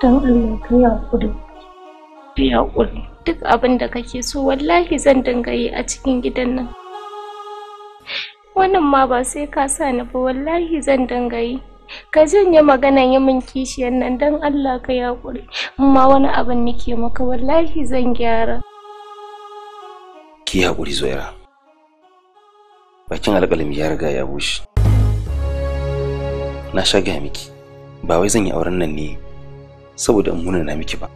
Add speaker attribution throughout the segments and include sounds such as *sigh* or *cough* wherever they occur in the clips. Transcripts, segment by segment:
Speaker 1: don Allah ka yi haƙuri.
Speaker 2: Ka yi haƙuri.
Speaker 3: Duk abin da kake so wallahi zan dinga yi a cikin gidan nan. Wannan ma ba sai ka sa ni ba wallahi zan dinga yi. Ka janye maganan yi min kishiyar nan don Allah ka yi haƙuri. Amma wani abin nake maka wallahi zan gyara.
Speaker 4: Ki haƙuri Zuwaira. Bakin alƙalami ya riga ya bushe. Na sha gaya miki, ba wai zan yi auren nan ne saboda in na miki ba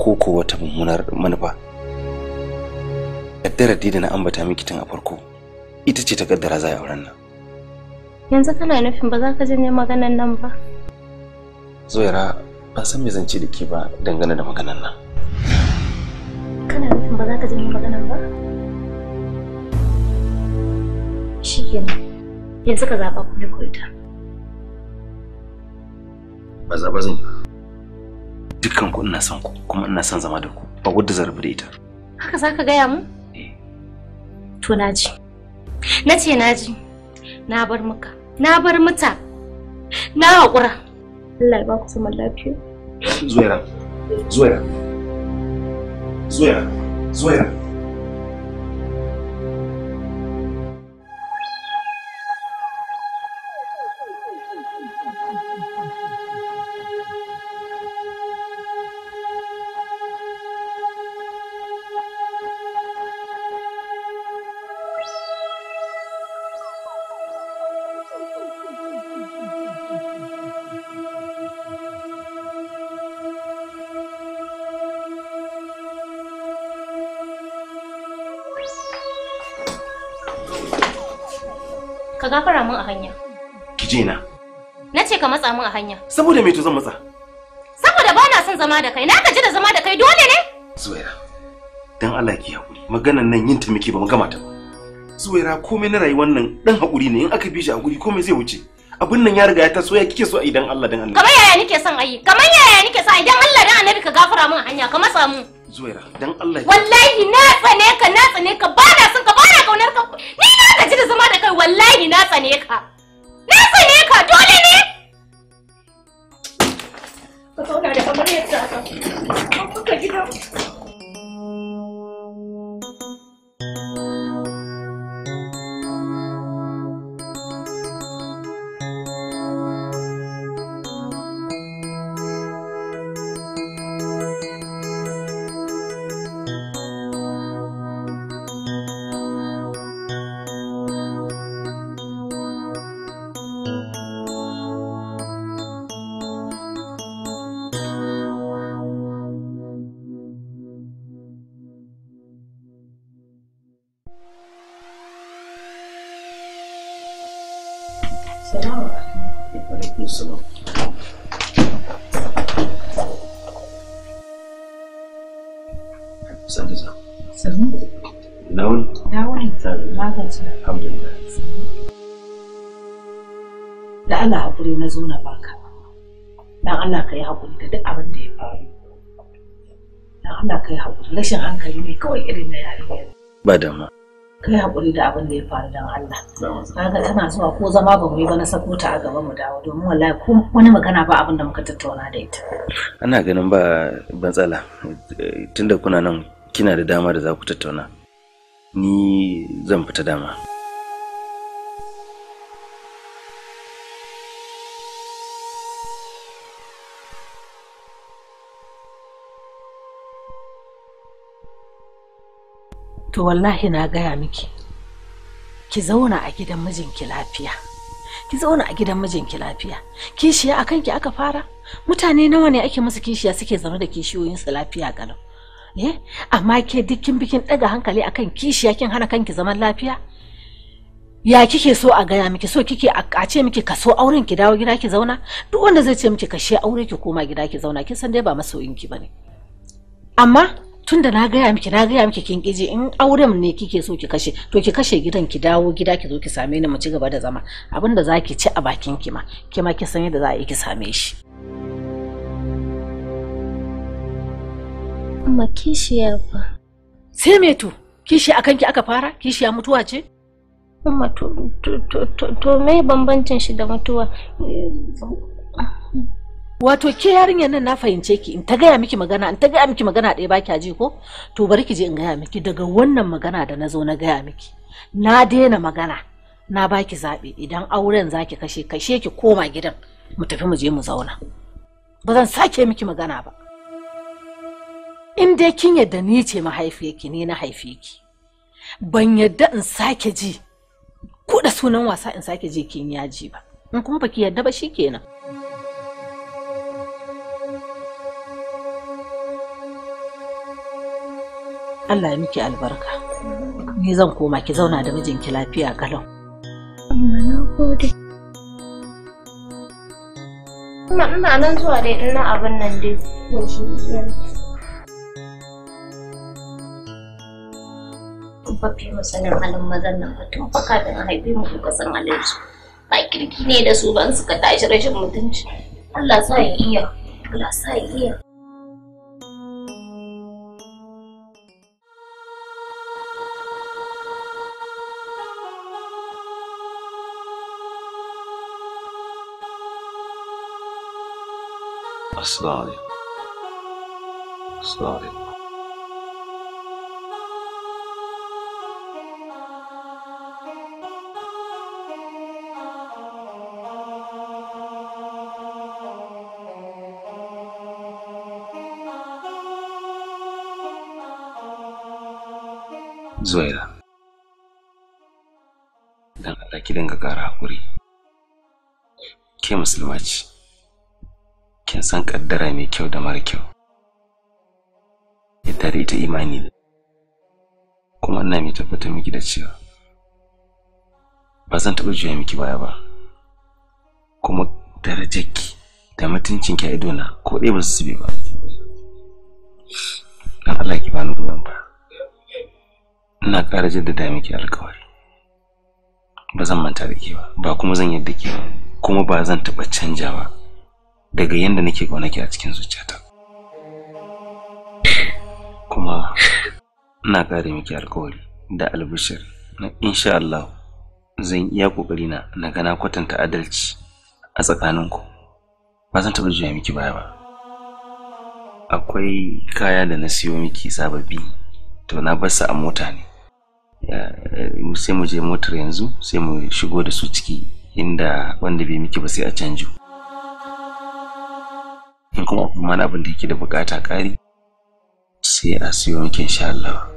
Speaker 4: ko ko wata mummunar manufa kaddara da na ambata miki tun a farko ita ce ta kaddara za a auren nan
Speaker 3: yanzu kana nufin ba za ka janye maganan nan ba
Speaker 4: zoyara ba san me zance da ke ba dangane da maganan nan
Speaker 3: kana nufin ba za ka janye maganan ba shikenan yanzu ka zaɓa kuma ko ita
Speaker 4: ba zaɓa zan ba dukkan ku ina son ku kuma ina son zama da ku ba wadda zarabi da ita
Speaker 3: haka zaka gaya mu eh. to naji na ce naji na bar muka na bar muta na haƙura Allah ya ba ku zaman lafiya
Speaker 4: zuwaira zuwaira zuwaira zuwaira
Speaker 3: fara mun a hanya. Ki je na. Na ce ka matsa mun a hanya.
Speaker 4: Saboda me to zan matsa?
Speaker 3: Saboda ba na son zama da kai, na gaji da zama da kai dole ne?
Speaker 4: Zuwaira, dan Allah ki hakuri. maganan nan yin ta miki ba mu gama ta ba. Zuwaira komai na rayuwar nan dan haƙuri ne in aka bi shi hakuri komai zai wuce. Abin nan ya riga ya taso ya kike so a idan Allah dan Allah. Kamar
Speaker 3: yaya nike son ayi? Kamar yaya nike son idan Allah dan Annabi ka gafara mun hanya ka matsa mun.
Speaker 4: Zuwaira, dan Allah.
Speaker 3: Wallahi na tsane ka na tsane ka ba na son ka kaunar ka ni na gaji da zama da kai wallahi na tsane ka na tsane ka dole ne ka da kamar yadda ka gida
Speaker 1: Salamu
Speaker 4: Na
Speaker 2: Da Allah haƙuri na zo na baka. Dan Allah ka yi haƙuri da duk abin da ya faru. Dan Allah ka yi haƙuri rashin hankali ne kawai irin na yarinya. Ba dama. kai hakuri da abin da ya faru don Allah kaga tana zuwa ko zama ba mu yi ba na sako a gaba mu dawo domin wallahi ko wani magana ba abin da muka tattauna da ita
Speaker 4: ana ganin ba matsala eh, tunda kuna nan kina da dama da za ku tattauna ni zan fita dama
Speaker 2: to wallahi na gaya miki ki zauna a gidan mijinki lafiya ki zauna a gidan mijinki lafiya kishiya a kanki aka fara mutane nawa ne ake musu kishiya suke zaune da kishiyoyinsu lafiya galau eh amma ke dukkin bikin ɗaga hankali akan kishiya kin hana kanki zaman lafiya ya kike so a gaya miki so kike a ce miki ka so auren ki dawo gida ki zauna duk wanda zai ce miki ka she aure ki koma gida ki zauna kin san dai ba masoyinki bane amma tun da na gaya miki na gaya miki kin kije in auren ne kike so ki kashe to ki kashe gidan ki dawo gida ki zo ki same ni mu ci gaba da zama abin da zaki ci a bakin ki ma ki ma ki san yadda za a yi ki same shi amma kishiya fa sai me to kishi akan ki aka fara kishiya mutuwa ce amma to to to me bambancin shi da mutuwa wato ke yarinyar nan na fahimce ki in ta gaya miki magana in ta gaya miki magana ɗaya baki ji ko to bari ki je in gaya miki daga wannan magana da na zo na gaya miki na daina magana na baki zaɓi idan auren zaki kashe kashe ki koma gidan mu tafi mu je mu zauna ba zan sake miki magana ba in dai kin yadda ni ce mahaifiyarki ne na haife ki ban yadda in sake ji ko da sunan wasa in sake ji kin yaji ba in kuma baki yadda ba shikenan Allah ya miki albarka ni zan koma ki zauna da mijinki lafiya kalau
Speaker 3: amma na gode
Speaker 5: Amma ina nan zuwa dai ina abin nan dai
Speaker 3: ba fi masanin halin mazan nan ba tun baka da haife mu kuka san halin su ba kirki ne da su ban suka tashi rashin mutunci Allah sa iya Allah sa ya iya
Speaker 1: Asdali. Asdali.
Speaker 4: Zuwaira, don Allah ki dinga ƙara haƙuri, ke musulma ce. kin san kaddara mai kyau da mara kyau ya tare ita imani ne kuma ina mai tabbatar miki da cewa ba zan taɓa juya miki baya ba kuma darajarki da mutuncinki a idona ko ɗaya ba su zube ba dan Allah ki bani goyon ba ina ƙara jaddada miki alƙawari ba zan manta da ke ba ba kuma zan yadda ke ba kuma ba zan taɓa canjawa daga yadda nake ke a cikin zuciyata kuma ina kare miki alkawari da albishir na insha Allah zan iya kokari na na gana kwatanta adalci a tsakaninku ba zan taɓa juya miki baya ba akwai kaya da na siyo miki sababbi to na bar su a mota ne eh, sai mu je motar yanzu sai mu shigo da su ciki inda wanda bai miki ba sai a canjo in kuma mana abin da yake da bukata ƙari sai a siyo miki insha Allah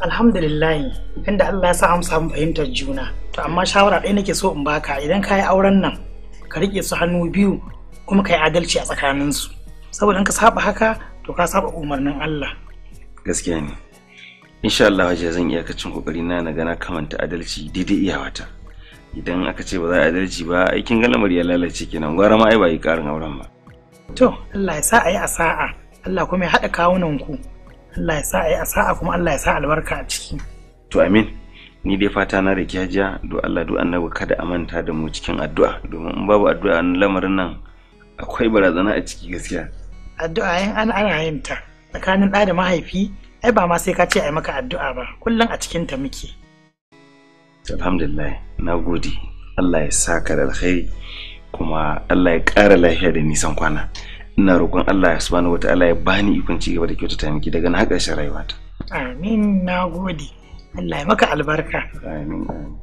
Speaker 4: alhamdulillahi inda Allah ya sa mu samu fahimtar juna to amma shawara ɗaya nake so in baka idan ka auren nan ka riƙe su hannu biyu kuma ka yi adalci a tsakaninsu saboda in ka saba haka to ka saba umarnin Allah gaskiya ne insha Allah waje zan iya ka cin kokari na na gana kamanta adalci daidai iyawata idan aka ce ba za a adalci ba aikin galamar ya lalace kenan gwara ma ai ba yi karin auren ba to Allah ya sa a yi a sa'a Allah kuma ya haɗa kawunan ku Allah ya sa a yi asa'a kuma Allah ya sa albarka a ciki to amin ni dai fata na da kyajiya do Allah do annabi kada a manta da mu cikin addu'a domin in babu addu'a lamarin nan akwai barazana a ciki gaskiya addu'a yin ana ana yin ta tsakanin ɗa da mahaifi ai ba ma sai ka ce a yi maka addu'a ba kullum a cikin ta muke alhamdulillah na gode Allah ya saka da alkhairi kuma Allah ya ƙara lafiya da nisan kwana ina roƙon Allah ya subhanahu wata'ala ya bani ikon ci gaba da kyautata miki daga na haka shi rayuwata amin na gode Allah ya maka albarka amin amin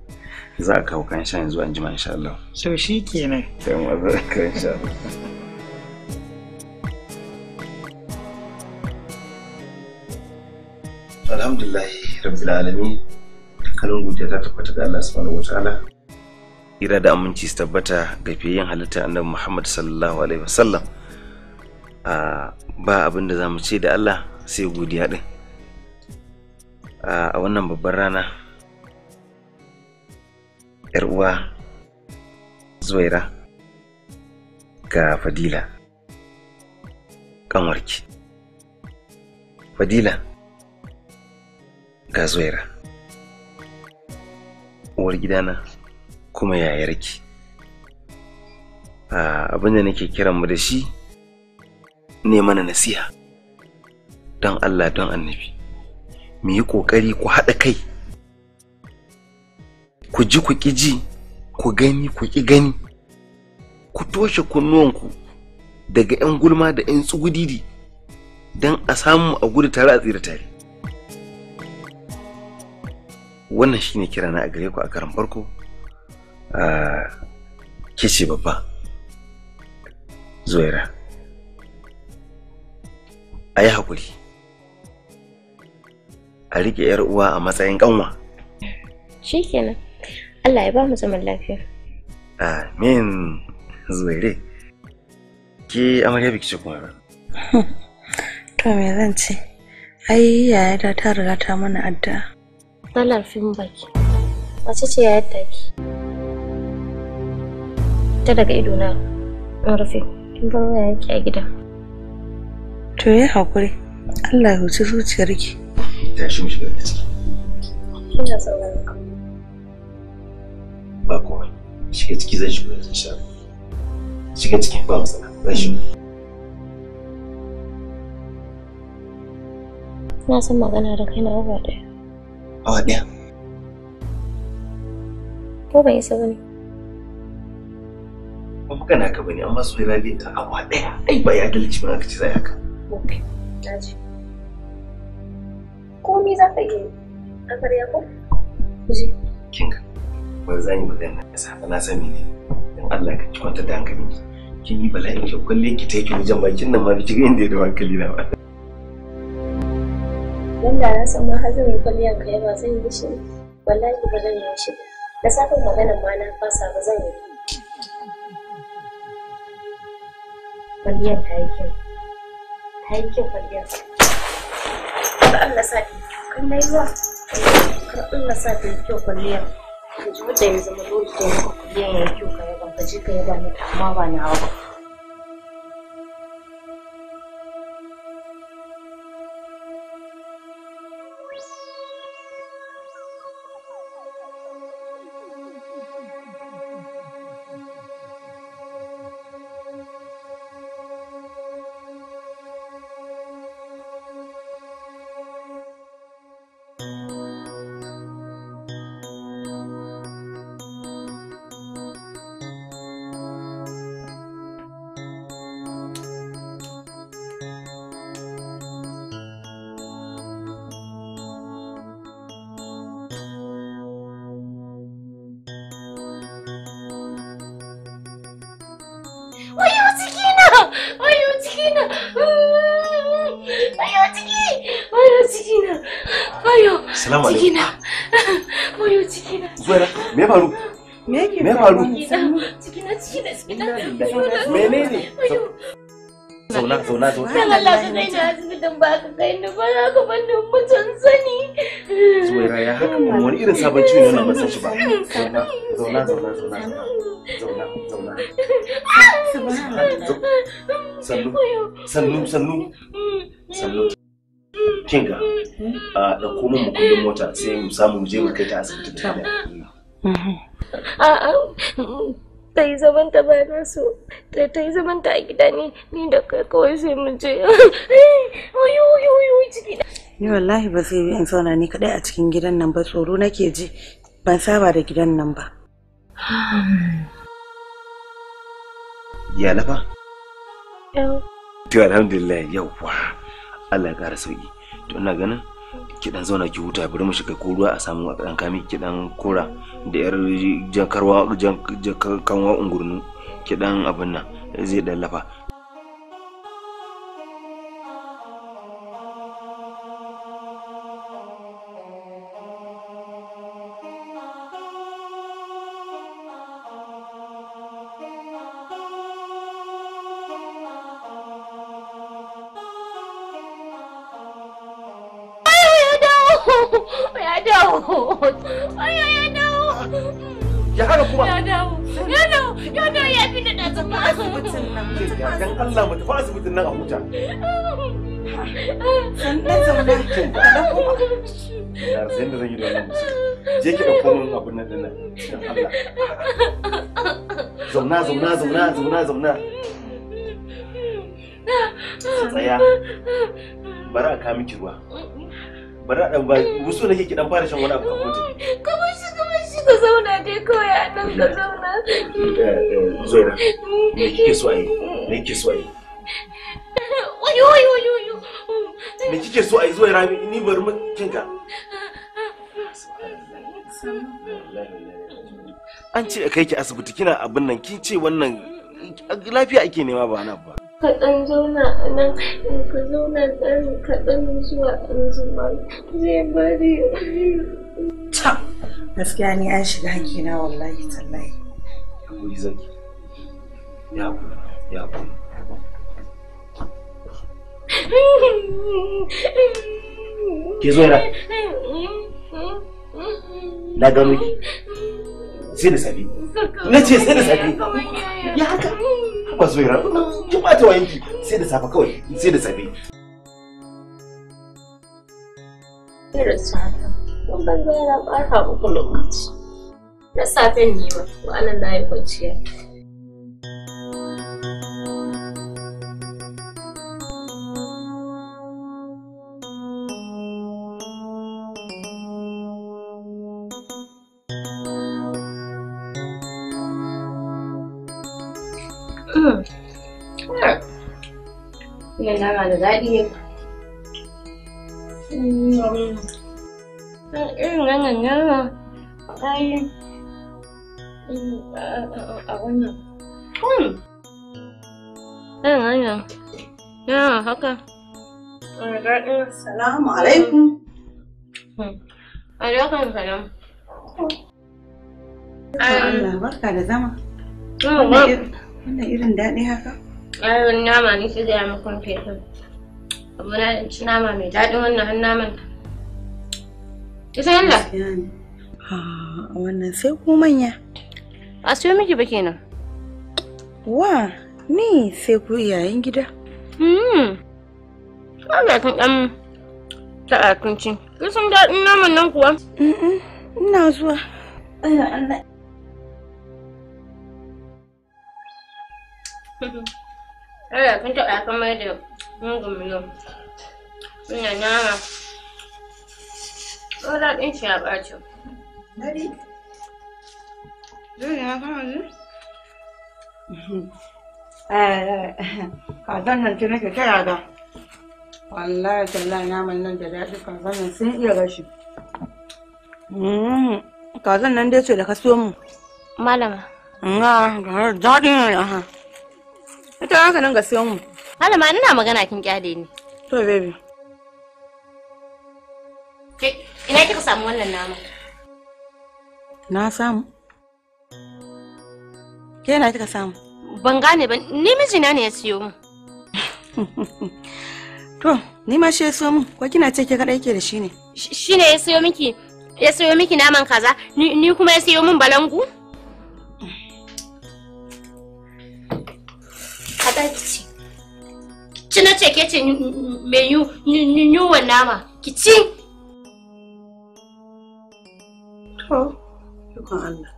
Speaker 4: za a kawo kan sha yanzu an jima insha Allah so shi kenan sai mu albarka insha Allah alhamdulillah rabbil alamin kalon godiya ta tabbata ga Allah subhanahu wataala ira da aminci su tabbata ga fiye yin halitta annabi Muhammad sallallahu alaihi wasallam ba abin da za mu ce da Allah sai godiya ɗin a wannan babbar rana uwa zuwaira ga fadila kanwarki fadila ga zuwaira uwar gidana kuma yayarki abin da nake kiran mu da shi ne mana nasiha don Allah don annabi mu yi ƙoƙari ku haɗa kai ku ji ku ƙi ji ku gani ku ƙi gani ku toshe kunnuwanku daga 'yan gulma da 'yan tsugudidi don a samu a gudu tare a tsira tare wannan shine kira na a gare ku a karan farko a ah, kici babba zuwaira a yi haƙuri a riƙe 'yar uwa a matsayin ƙanwa
Speaker 3: shikenan allah ya ba mu zaman lafiya
Speaker 4: amin zuwaire ke amarya biki ce kuma *laughs*
Speaker 5: to me zan ce ai yayata ta riga ta mana addu'a
Speaker 3: talar fin baki wace ce yayar ki ta daga ido na rufe kin bar
Speaker 5: ki a gidan to yi haƙuri Allah ya huci zuciyarki
Speaker 3: tashi mu shiga gaisa
Speaker 4: ina sauraron ka ba kuma shiga ciki zai shigo yanzu insha shiga ciki ba matsala zai shigo
Speaker 1: na san magana da kai na awa daya
Speaker 4: awa daya
Speaker 3: ko ban isa bane
Speaker 4: ba magana ka bane amma so yana da awa daya ai ba ya dalci ba ka ci zai haka
Speaker 2: ok na ji komi za ka iya
Speaker 1: a karya ko ku je
Speaker 4: kin ga ban zan yi magana na sani ne dan Allah ka ci kwanta da hankali kin yi bala'in kyau kwalle ki ta yi kin jan bakin nan ma bi cikin inda ya da hankali ba
Speaker 3: dan da na san ma hazirin kwalliyan ka yaba zan yi shi wallahi ba zan yi shi da safin ma na ba zan yi
Speaker 5: ta yi kyau
Speaker 2: ta yi kyau kwalliya kar Allah sa ta kan dai ruwa kar Allah sa ta yi kyau kwalliya ka ji wanda ya zama dole ta yi kwalliya
Speaker 1: ya yi kyau ka yaba ka je ka yaba mata amma ba na hawa Assalamu alaikum. Cikina. Wayo cikina.
Speaker 4: Zuwa me faru?
Speaker 1: Me yake Me faru?
Speaker 3: Cikina cikina cikina. ne.
Speaker 4: Zauna zauna zauna. Dan Allah ka kai na
Speaker 3: asibitin ba ka kai ni ba za ka bar ni mutum sani. Zuwaira ya haka kuma wani irin sabon ciwo ne wannan ban shi ba. Zauna zauna zauna zauna.
Speaker 4: Zauna zauna. Sannu sannu sannu mm. sannu. kinga a da komo mu kudin mota sai mu samu mu je mu kai ta asibiti ta da
Speaker 2: a'a ta yi zaman ta ba na ta yi zaman ta a gida ne ni da kai kawai sai
Speaker 3: mu je oyo oyo oyo ciki
Speaker 5: ni wallahi ba zai in zauna ni kadai a cikin gidan nan ba tsoro nake ji ban saba da gidan nan ba
Speaker 4: ya lafa to alhamdulillah yawwa Allah ya kara sauki to ina ganin ki dan zauna ki huta bari mu shiga ko ruwa a samu dan kami ki dan kora da yar jankarwa kanwa ungurnu ki dan abin nan zai dan lafa
Speaker 1: Ai
Speaker 3: ai Ya haka kuma. Ya Ya Ya ya fi da ba. Asibitin nan. Dan
Speaker 4: Allah mu tafi asibitin nan a huta.
Speaker 1: Sannan zaune. kuma.
Speaker 4: Ya zan yi da wannan Je ki abun nan nan. Dan Allah. Zauna zauna zauna zauna zauna. Tsaya. Bara a kawo miki ruwa. bari a ba musu da ke dan fara shan wani abu kafin mutum
Speaker 1: kamar shi kamar shi ka zauna dai kawai a nan ka zauna
Speaker 4: zoira me kike so ayi me kike so ayi
Speaker 1: oyo oyo oyo oyo
Speaker 4: me kike so ayi zoira ni bari mu kinka an ce kai ki asibiti kina abin nan kin ce wannan lafiya ake nema ba na ba
Speaker 1: Kaɗan zauna a nan ka zauna ɗan kaɗan zuwa ɗan zuma zai bari
Speaker 5: ta gaskiya ni an shiga hakina wallahi tallahi
Speaker 4: ya guri zaki ya guri ya guri ki zo na na gano ki sai da sabi
Speaker 1: na ce sai da safe ya haka ba zo yara ki
Speaker 4: bata wayanki sai da safe kawai sai da safe
Speaker 3: da safe ne ba wa'anan na yi kwanciya
Speaker 5: đi? Ừ, ừ. đây ừ, ở Yine hemen de yiyeyim. Ngon.
Speaker 1: Ngon ngon ngon. Ay. Awan na. Hmm. Ayun, ayun.
Speaker 5: Ya, haka. Assalamu alaikum. Alaikum salam. Allah barka da zama. Wannan irin daɗi haka?
Speaker 3: ƙarin nama ne sai gaya makon fetur abu na ci nama mai daɗin wannan har naman
Speaker 5: ita yalla a wannan sai ku manya a siyo miki ba kenan wa ni sai ku yayin gida hmm ba kan ɗan taɓa tuncin kin san daɗin naman nan kuwa ina zuwa Allah Allah
Speaker 3: *laughs*
Speaker 1: Allah kin taɓa da
Speaker 5: mugun miliyon. nama. Ko ya ɓaci. na Kazan nan nake kira da. Wallahi tallahi naman nan da daɗi kazan nan sun iya gashi. Mm-hmm. Kazan nan dai ce da ka mu. Malama. Nga, mm-hmm. daɗi ne da Ita haka nan ga siyan mu. Malama ina magana kin kyale ni. To baby.
Speaker 3: Ke ina kika samu wannan nama? Na samu. Ke ina kika samu? Ban gane ba ni mijina ne ya siyo mu.
Speaker 5: *laughs* To, ni ma shi ya siyo min, ko kina ce ke kaɗai ke da shi ne?
Speaker 3: Shi ne ya siyo miki, ya siyo miki naman kaza, ni kuma ya siyo min balangu? ci na ce ke mai yiwuwan nama ki ci
Speaker 5: to ikon Allah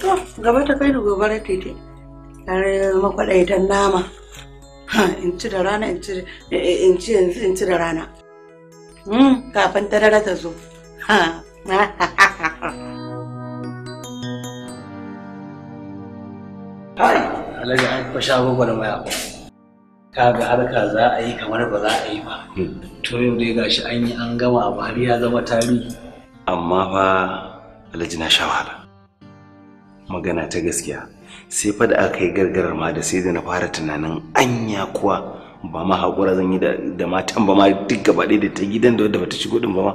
Speaker 5: to gaba ta kai da gobara tete tare nama in ci da rana in ci in ci da rana hmm, kafin ta dara ta zo ha ha
Speaker 4: ku sha gwagwarmaya kaga harka za a yi kamar ba za a yi ba hmm. to yau dai gashi an yi an gama abu har ya zama tarihi amma fa alhaji na sha wahala magana ta gaskiya sai fa da aka yi gargarar ma da sai da na fara tunanin anya kuwa ba ma haƙura zan yi da matan ba ma duk gaba ɗaya da ta gidan da wadda bata shigo din ba ma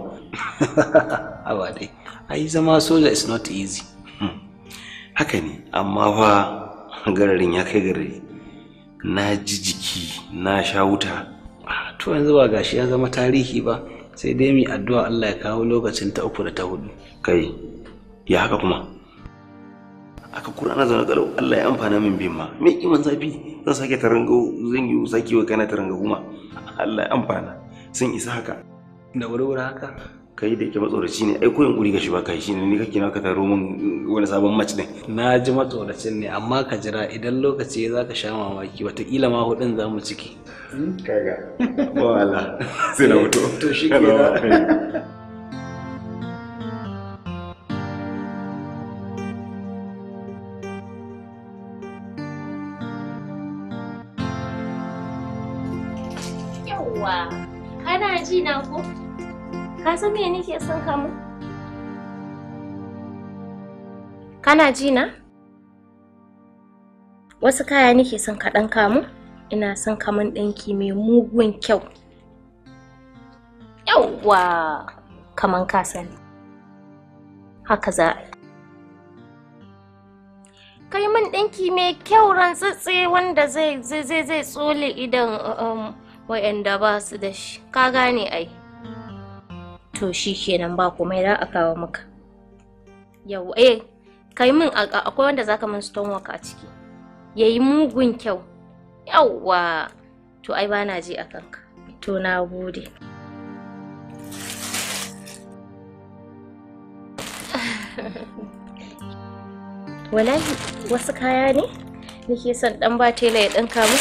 Speaker 4: awa *laughs* dai ai zama soja is not easy hmm. haka ne amma fa gararin ya kai gari na ji jiki na sha wuta ah, to yanzu ba gashi ya zama tarihi ba sai dai mi addu'a Allah ya kawo lokacin ta uku da ta hudu kai ya haka kuma aka kura na zaune galau Allah ya amfana min bin ma me kiman zafi zan sake taranga zan yi sake wa kana taranga kuma Allah ya amfana sun isa haka da wurwura haka kai da ke matsoraci ne ai koyin guri ga shi ba kai shi ne kake ka taro min wani sabon match din na ji matsoracin ne amma ka jira idan lokaci ya zaka sha mamaki watakila ma hudin za mu ciki
Speaker 3: hmm, kaga
Speaker 4: wala sai na mutu to shi
Speaker 3: Yawwa, kana ji na ko? Ka san me nake son ka mu? Kana ji na? Wasu kaya nake son ka ɗan kamu? Ina son kamun ɗinki mai mugun kyau. Yawwa! Kaman ka sani. Haka za kai min ɗinki mai kyau rantsatse wanda zai zai zai tsole idan um, wa'anda ba su da shi ka gane ai to shi kenan ba komai za a kawo maka yau eh kai min akwai wanda zaka min work a ciki yayi mugun kyau yawwa to ai bana ji a kanka to na gode *laughs* wallahi wasu kaya ne nake son dan ba tela ya dinka mu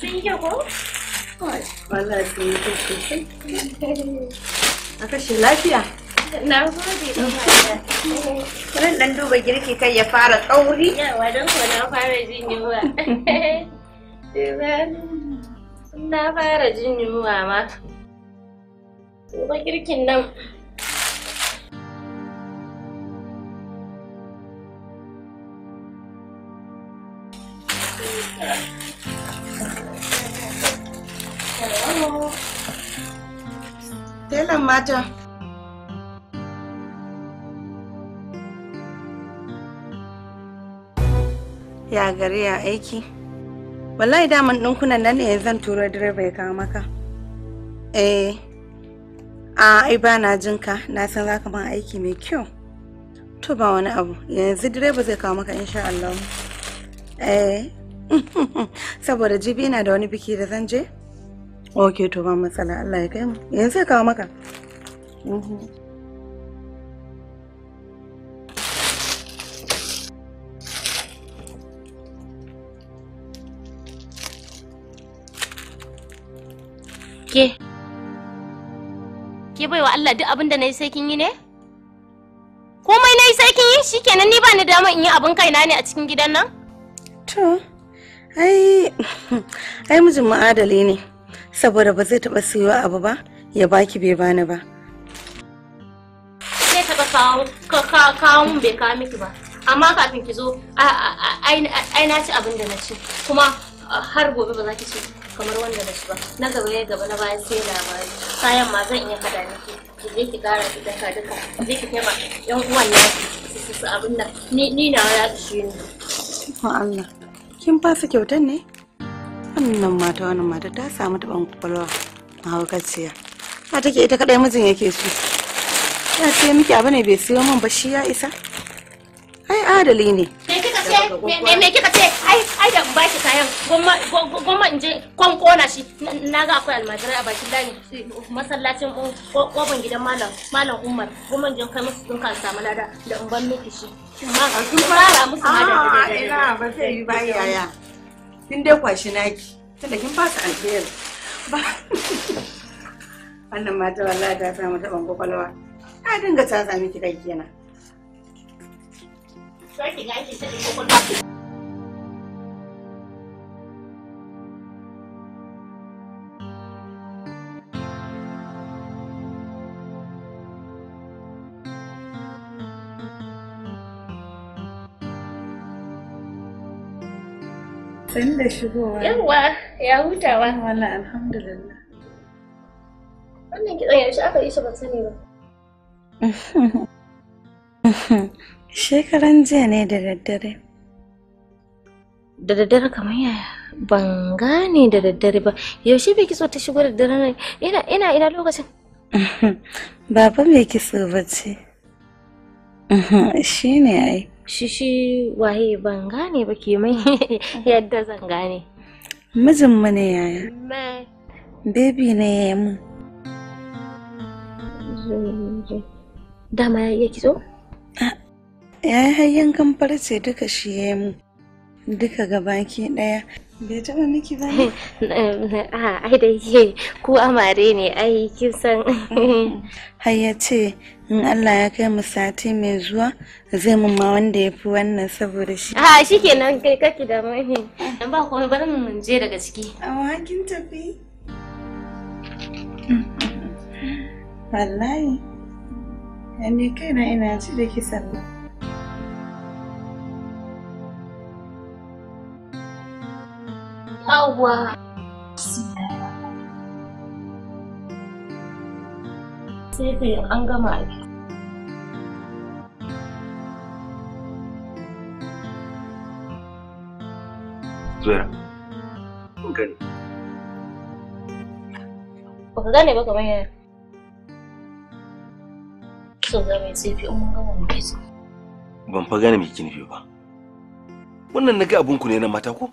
Speaker 5: sun yi ko wallahi sun yi *laughs* a kashe lafiya na gode da ɗan duba girki kai ya fara tsauri yawa don ko na fara jin yunwa
Speaker 3: *laughs* na fara jin yunwa ma ba girkin nan
Speaker 5: mata ya gari ya aiki wallahi daman ɗinkunan nan ne zan turo direba ya kawo maka eh a ai ba na jinka na san za ka man aiki mai kyau to ba wani abu yanzu direba zai kawo maka insha Allah eh *laughs* saboda jibi na da wani biki da zan je ok to ba matsala Allah ya kai mu yanzu zai kawo maka Ke Ke?
Speaker 3: bai wa Allah duk abin da na yi sai kin yi ne? Komai na yi sai kin yi kenan ni ba ni dama in yi abin kaina ne a cikin gidan nan?
Speaker 5: To, ai, ai mijin ma'adali ne, saboda ba zai taɓa siyo abu ba, ya baki bai bani ba.
Speaker 3: kawo mun bai kawo miki ba amma kafin ki zo ai na ci abin da na ci kuma har gobe ba za ki ci kamar wanda na ci ba na gaba ya gaba na bayan sai labari kayan ma zan iya hada miki ki je ki kara ki daka duka je ki kai ma yan uwan na su su abin nan ni ni na ya ci
Speaker 5: ni Allah kin fasa kyautan ne wannan mata wannan mata ta samu taban kwakwalwa mahaukaciya
Speaker 2: ta take ita kadai mijin
Speaker 5: yake so ya ce miki abu ne bai siyo min ba shi ya isa ai adali ne
Speaker 3: me kika ce me kika ce ai ai da ba kayan gomma gomma in je kon kona shi na ga akwai almajirai a bakin dani masallacin kofin gidan malam malam umar gomma inje kai musu sun kan samu lada da in ban miki shi ma ga sun fara musu ma da ah, ina ba sai yi ba yaya
Speaker 5: kin dai kwashi naki tunda kin ba su alheri ba *laughs* wannan mata wallahi ta samu taban kwakwalwa a dinga tsatsa miki kai kenan
Speaker 3: Sarki
Speaker 5: Sani da shigowa. Yawwa, ya hutawa. Wala alhamdulillah. Wannan kitson yaushe aka yi shi ba sani ba. Shekaran jiya ne da daddare.
Speaker 3: Da daddare kamar yaya?
Speaker 5: Ban gane da daddare ba.
Speaker 3: Yaushe bai kitso ta shigo da daddare ina ina ina lokacin? *laughs*
Speaker 5: Baba bai kitso ba ce. *laughs* Shi ne ai.
Speaker 3: Shi shi waye ban gane ba ke mai *laughs* yadda zan gane.
Speaker 5: Mijinmu ne yaya. Baby ne ya yi mun. Dama ya iya kitso? Ya yi hayyan kamfar ce duka shi ya yi mu. Duka gabaki ɗaya. Bai taɓa miki ba ne? *laughs* Ah, ai da ke ku amare ne ai kin san. *laughs* Har ya ce in Allah ya kai mu sati mai zuwa zai mun ma wanda ya fi wannan saboda shi. A ah, shi
Speaker 3: ke nan kai kaki da mai. Ah. Ba kuma bari mun je daga ciki.
Speaker 5: A kin tafi. *laughs* Wallahi. ne kaina ina ji da kisan nan yawwa
Speaker 3: sai kai an gama a
Speaker 4: Zuwa, gani.
Speaker 3: Ba ka gane ba kamar yana. so mai sai
Speaker 4: ban fa gane me kike ba wannan naga abun ku ne na mata ko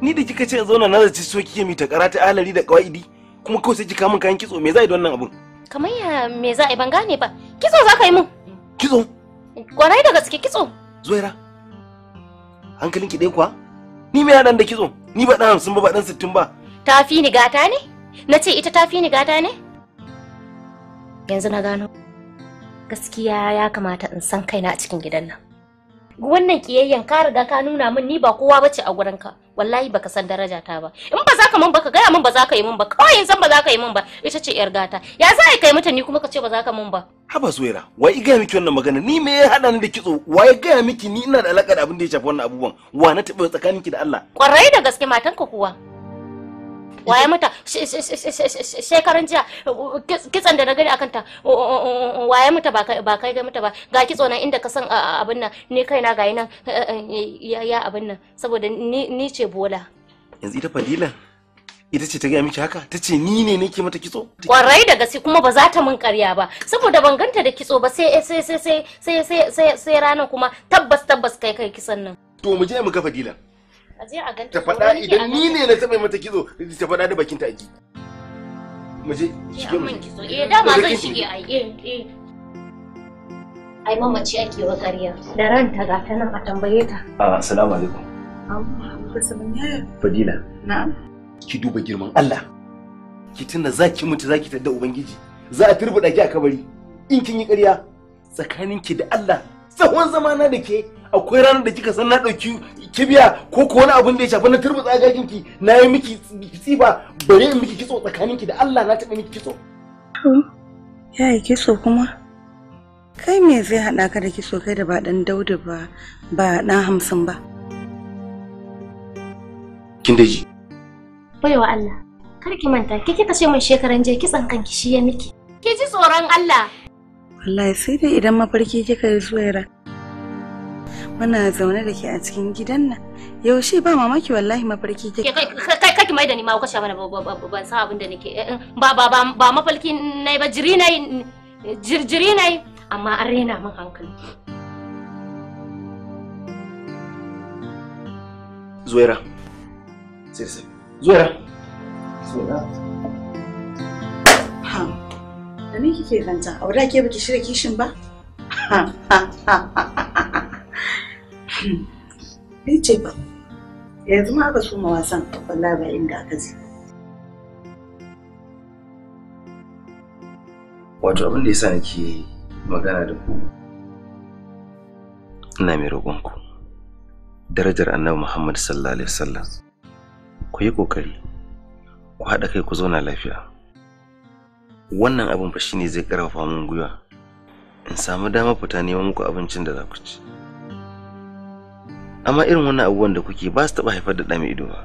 Speaker 4: ni da kika ce in zauna na zaci so kike mi ta karata alari da kawaidi kuma kawai sai kika min kayan kitso me za a yi don nan abun
Speaker 3: kamar ya me za a yi ban gane ba kitso za ka yi min kitso kwarai da gaske kitso
Speaker 4: zuwaira hankalin ki ɗaya kuwa ni me dan da kitso ni ba dan sun ba ba dan sittin ba
Speaker 3: tafi ni gata ne nace ita tafi ni gata ne yanzu na gano gaskiya ya kamata in san kaina a cikin gidan nan wannan kiyayyen ka riga ka nuna min ni ba kowa bace a gurin ka wallahi baka san daraja ta ba in ba za ka min ba ka gaya min ba za ka yi min ba kawai in ba za ka yi min ba ita ce yar gata ya za a kai mata ni kuma ka ce ba za ka min ba
Speaker 4: haba zuwaira wai gaya miki wannan magana ni me ya hada ni da kitso wai gaya miki ni ina da alaka da abin da ya shafi wannan abubuwan wa na taɓa tsakaninki da Allah
Speaker 3: kwarai da gaske matanka kuwa waye mata shekaran jiya kitsan da na gani akan ta waye mata ba kai ga mata ba ga kitso na inda ka san abin nan ni kaina ga nan eh, eh, eh, ya abin nan saboda ni ce bola
Speaker 4: yanzu ita fadila ita ce ta gaya miki haka ta ce ni ne nake mata kitso
Speaker 3: kwarai da gaske kuma ba za ta min karya ba saboda ban ganta da kitso ba sai sai sai sai sai sai ranar kuma tabbas tabbas kai kai kisan nan
Speaker 4: to mu je mu ga fadilan
Speaker 3: a je a ganta ta faɗa idan ni
Speaker 4: ne na taɓa mata kizo ta faɗa da bakinta ta a gidi mu je eh, shige mu
Speaker 3: kizo eh dama zan shige ai eh, eh. ai mamaci ake wa ƙarya da ranta ga ta
Speaker 5: nan a tambaye ta
Speaker 4: ah, assalamu alaikum Fadila. Na'am. Ki duba girman Allah. Ki tuna zaki mutu ki tadda Ubangiji. Za a turbuɗa ki a kabari. In kin yi ƙarya tsakaninki da Allah tsawon zamana da ke akwai ranar da kika san na ɗauki kibiya ko ko wani abin da ya shafi na turbatsa gagin ki na yi miki tsiba bare in miki kitso tsakanin ki da Allah na taɓa miki kitso.
Speaker 5: Ya yi kitso kuma? Kai me zai haɗa ka da kitso kai da ba ɗan Dauda ba ba ɗan hamsin ba?
Speaker 4: Kin daji.
Speaker 3: Baiwa Allah, kar ki manta, ki kika ce min shekaran je kitsan kanki shi ya miki. Ki ji tsoron Allah.
Speaker 5: Wallahi sai dai idan mafarki kika yi zuwa muna zaune da ke a cikin gidan nan yaushe ba mamaki wallahi mafarki take kai kaki
Speaker 3: mai da ni ma kashe mana ban san abin da nake eh, eh, ba ba ba mafarki nai ba jiri nai jirjiri nai amma an rena min hankali
Speaker 4: zuwaira sai zuwaira
Speaker 5: da me kike zanta a wadda ke baki shirya kishin ba ha ha ha ha Ni ce ba, yanzu ma aka soma wasan wallahi ba inda aka zai.
Speaker 4: Wato abin da ya sa nake magana da ku. Ina mai roƙonku, darajar annabi Muhammad sallallahu Alaihi wasallam, ku yi ƙoƙari, ku haɗa kai ku zauna lafiya. Wannan abin fa shine zai ƙarfafa mun gwiwa in samu damar fita neman muku abincin da za ku ci. amma irin wannan abubuwan da kuke ba su taɓa haifar da ɗa ido ba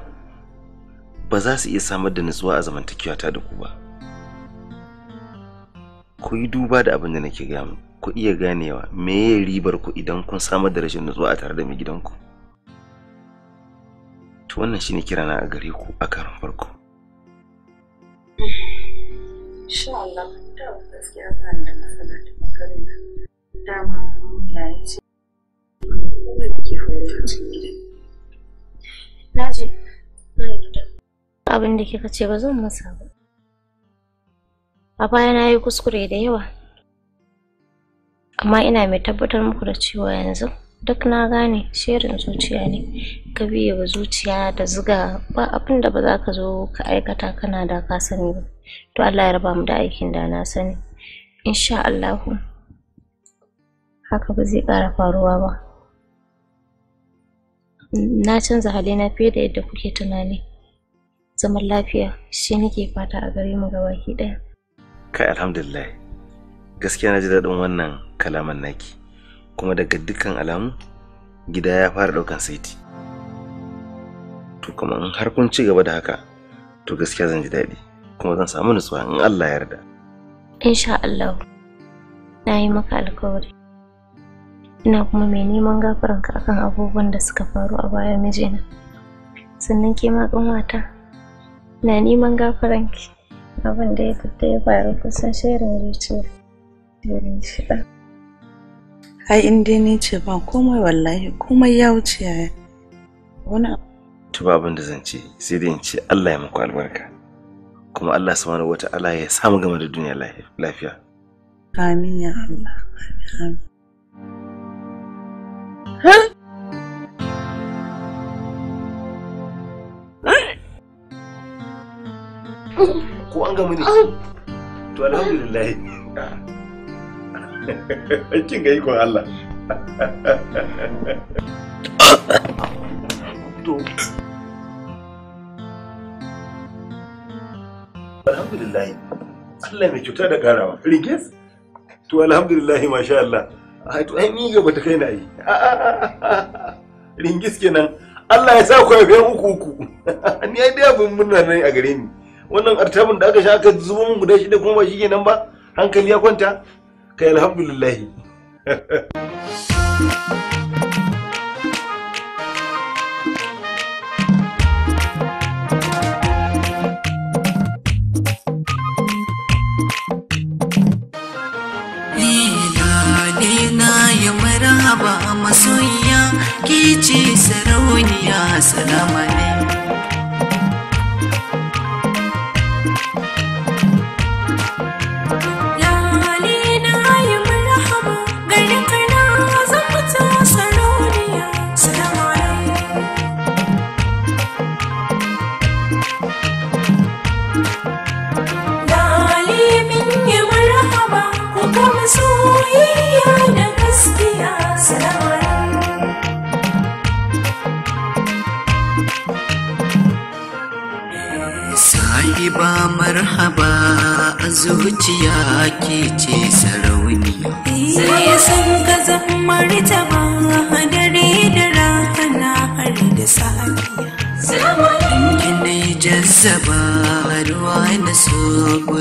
Speaker 4: ba za su iya samar da nutsuwa a zamantakewa ta da ku ba ku yi duba da abin da nake gaya mu ku iya ganewa meye ribar ku idan kun samar da rashin nutsuwa a tare da mai gidanku to wannan shine kirana a gare ku a karan farko
Speaker 1: Allah da da da
Speaker 3: Na
Speaker 2: ji, na
Speaker 3: yarda. Abin da kika ce ba zan masa ba. A baya na yi kuskure da yawa. Amma ina mai tabbatar muku da cewa yanzu duk na gane shirin zuciya ne ka biye wa zuciya da ziga ba abin da ba za ka zo ka aikata kana da ka sani ba to Allah ya raba mu da aikin da na sani insha Allah haka ba zai ƙara faruwa ba na canza halina fiye da yadda kuke tunani zaman lafiya shi nake fata a gare mu baki ɗaya
Speaker 4: kai alhamdulillah gaskiya na ji daɗin wannan kalaman naki kuma daga dukkan alamu gida ya fara ɗaukan saiti to kuma in har kun ci gaba da haka to gaskiya zan ji daɗi kuma zan samu nutsuwa in Allah yarda
Speaker 3: insha Allah na yi maka alkawari ina kuma mai neman ka akan abubuwan da suka faru a baya mijina sannan ke ma ƙanwata
Speaker 5: na neman ki abin da ya fita ya faru kusan shirin zuciya domin shiɗa ai in dai ni ce ba komai wallahi komai ya wuce ya wani
Speaker 4: tuba abin da zan ce sai dai in ce Allah ya muku albarka kuma Allah subhanahu wata'ala ya samu gama da duniya lafiya
Speaker 5: amin ya Allah amin ko
Speaker 4: an to alhamdulillah ga ikon Allah to alhamdulillah Allah mai cuta da karawa Rigis? to alhamdulillah masha Allah a to ai ni gaba ta kai na yi ringis kenan Allah ya sa ku haife uku uku *laughs* ni ai dai abin munna ne a gare ni wannan artabin da aka sha aka zubo mun guda da kuma ba shi kenan ba hankali ya kwanta kai alhamdulillah *laughs*
Speaker 1: ba masoyiya ki ce sarauniya salama alaikum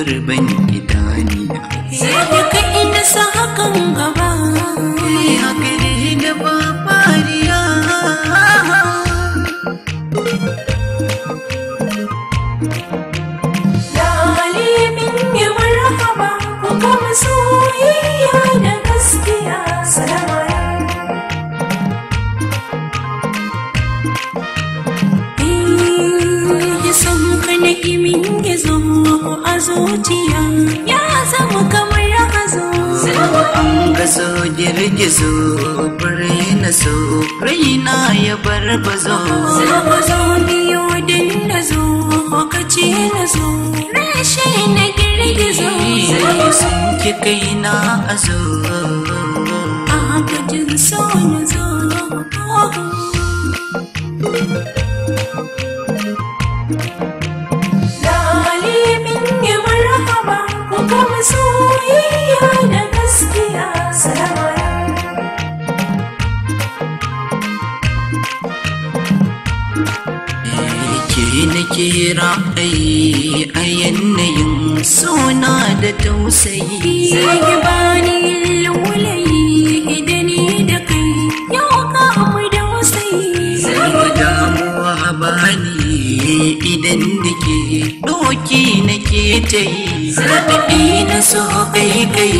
Speaker 1: would have been zuciya ya zama kamar rakazo ga so girgizo na so raina ya bar bazo zo biyo da na zo lokaci na zo rashe na zo. girgizo sun ki kaina a zo a haka jin so na zo kira ai a yanayin suna da tausayi sai ba bani lulai idan ni da kai ya ka mu da wasai sai damuwa bani idan da doki na ke ta yi zaɓi na so kai kai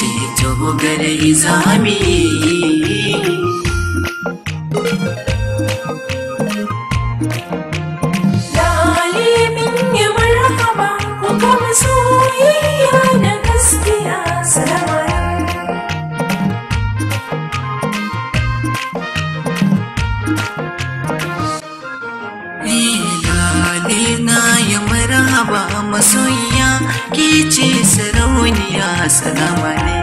Speaker 1: ce to gare zami duniya salama ne